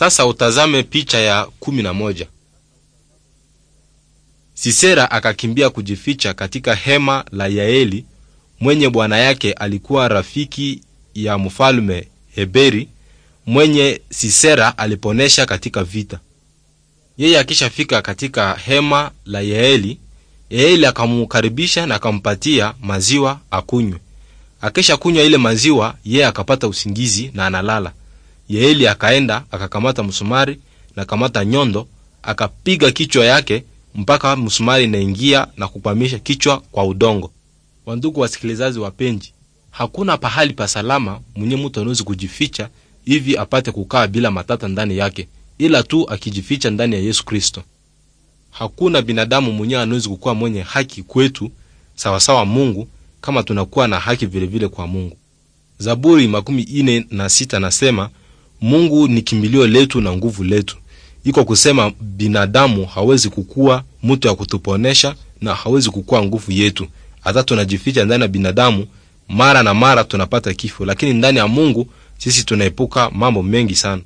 Sasa utazame picha ya kumi na moja. Sisera akakimbia kujificha katika hema la Yaeli mwenye bwana yake alikuwa rafiki ya mfalme Heberi mwenye Sisera aliponesha katika vita. Yeye akishafika katika hema la Yaeli, Yaeli akamukaribisha na akampatia maziwa akunywe. Akisha kunywa ile maziwa, yeye akapata usingizi na analala. Yeeli akaenda akakamata msumari na kamata nyondo, akapiga kichwa yake mpaka msumari inaingia na kukwamisha kichwa kwa udongo. Wandugu wasikilizazi wapenji, hakuna pahali pa salama mwenye mtu anawezi kujificha hivi apate kukaa bila matata ndani yake, ila tu akijificha ndani ya Yesu Kristo. Hakuna binadamu mwenye anawezi kukuwa mwenye haki kwetu sawasawa Mungu kama tunakuwa na haki vilevile vile kwa Mungu. Zaburi makumi ine na sita nasema Mungu ni kimbilio letu na nguvu letu. Iko kusema binadamu hawezi kukuwa mtu ya kutuponesha na hawezi kukuwa nguvu yetu. Hata tunajificha ndani ya binadamu, mara na mara tunapata kifo, lakini ndani ya Mungu sisi tunaepuka mambo mengi sana.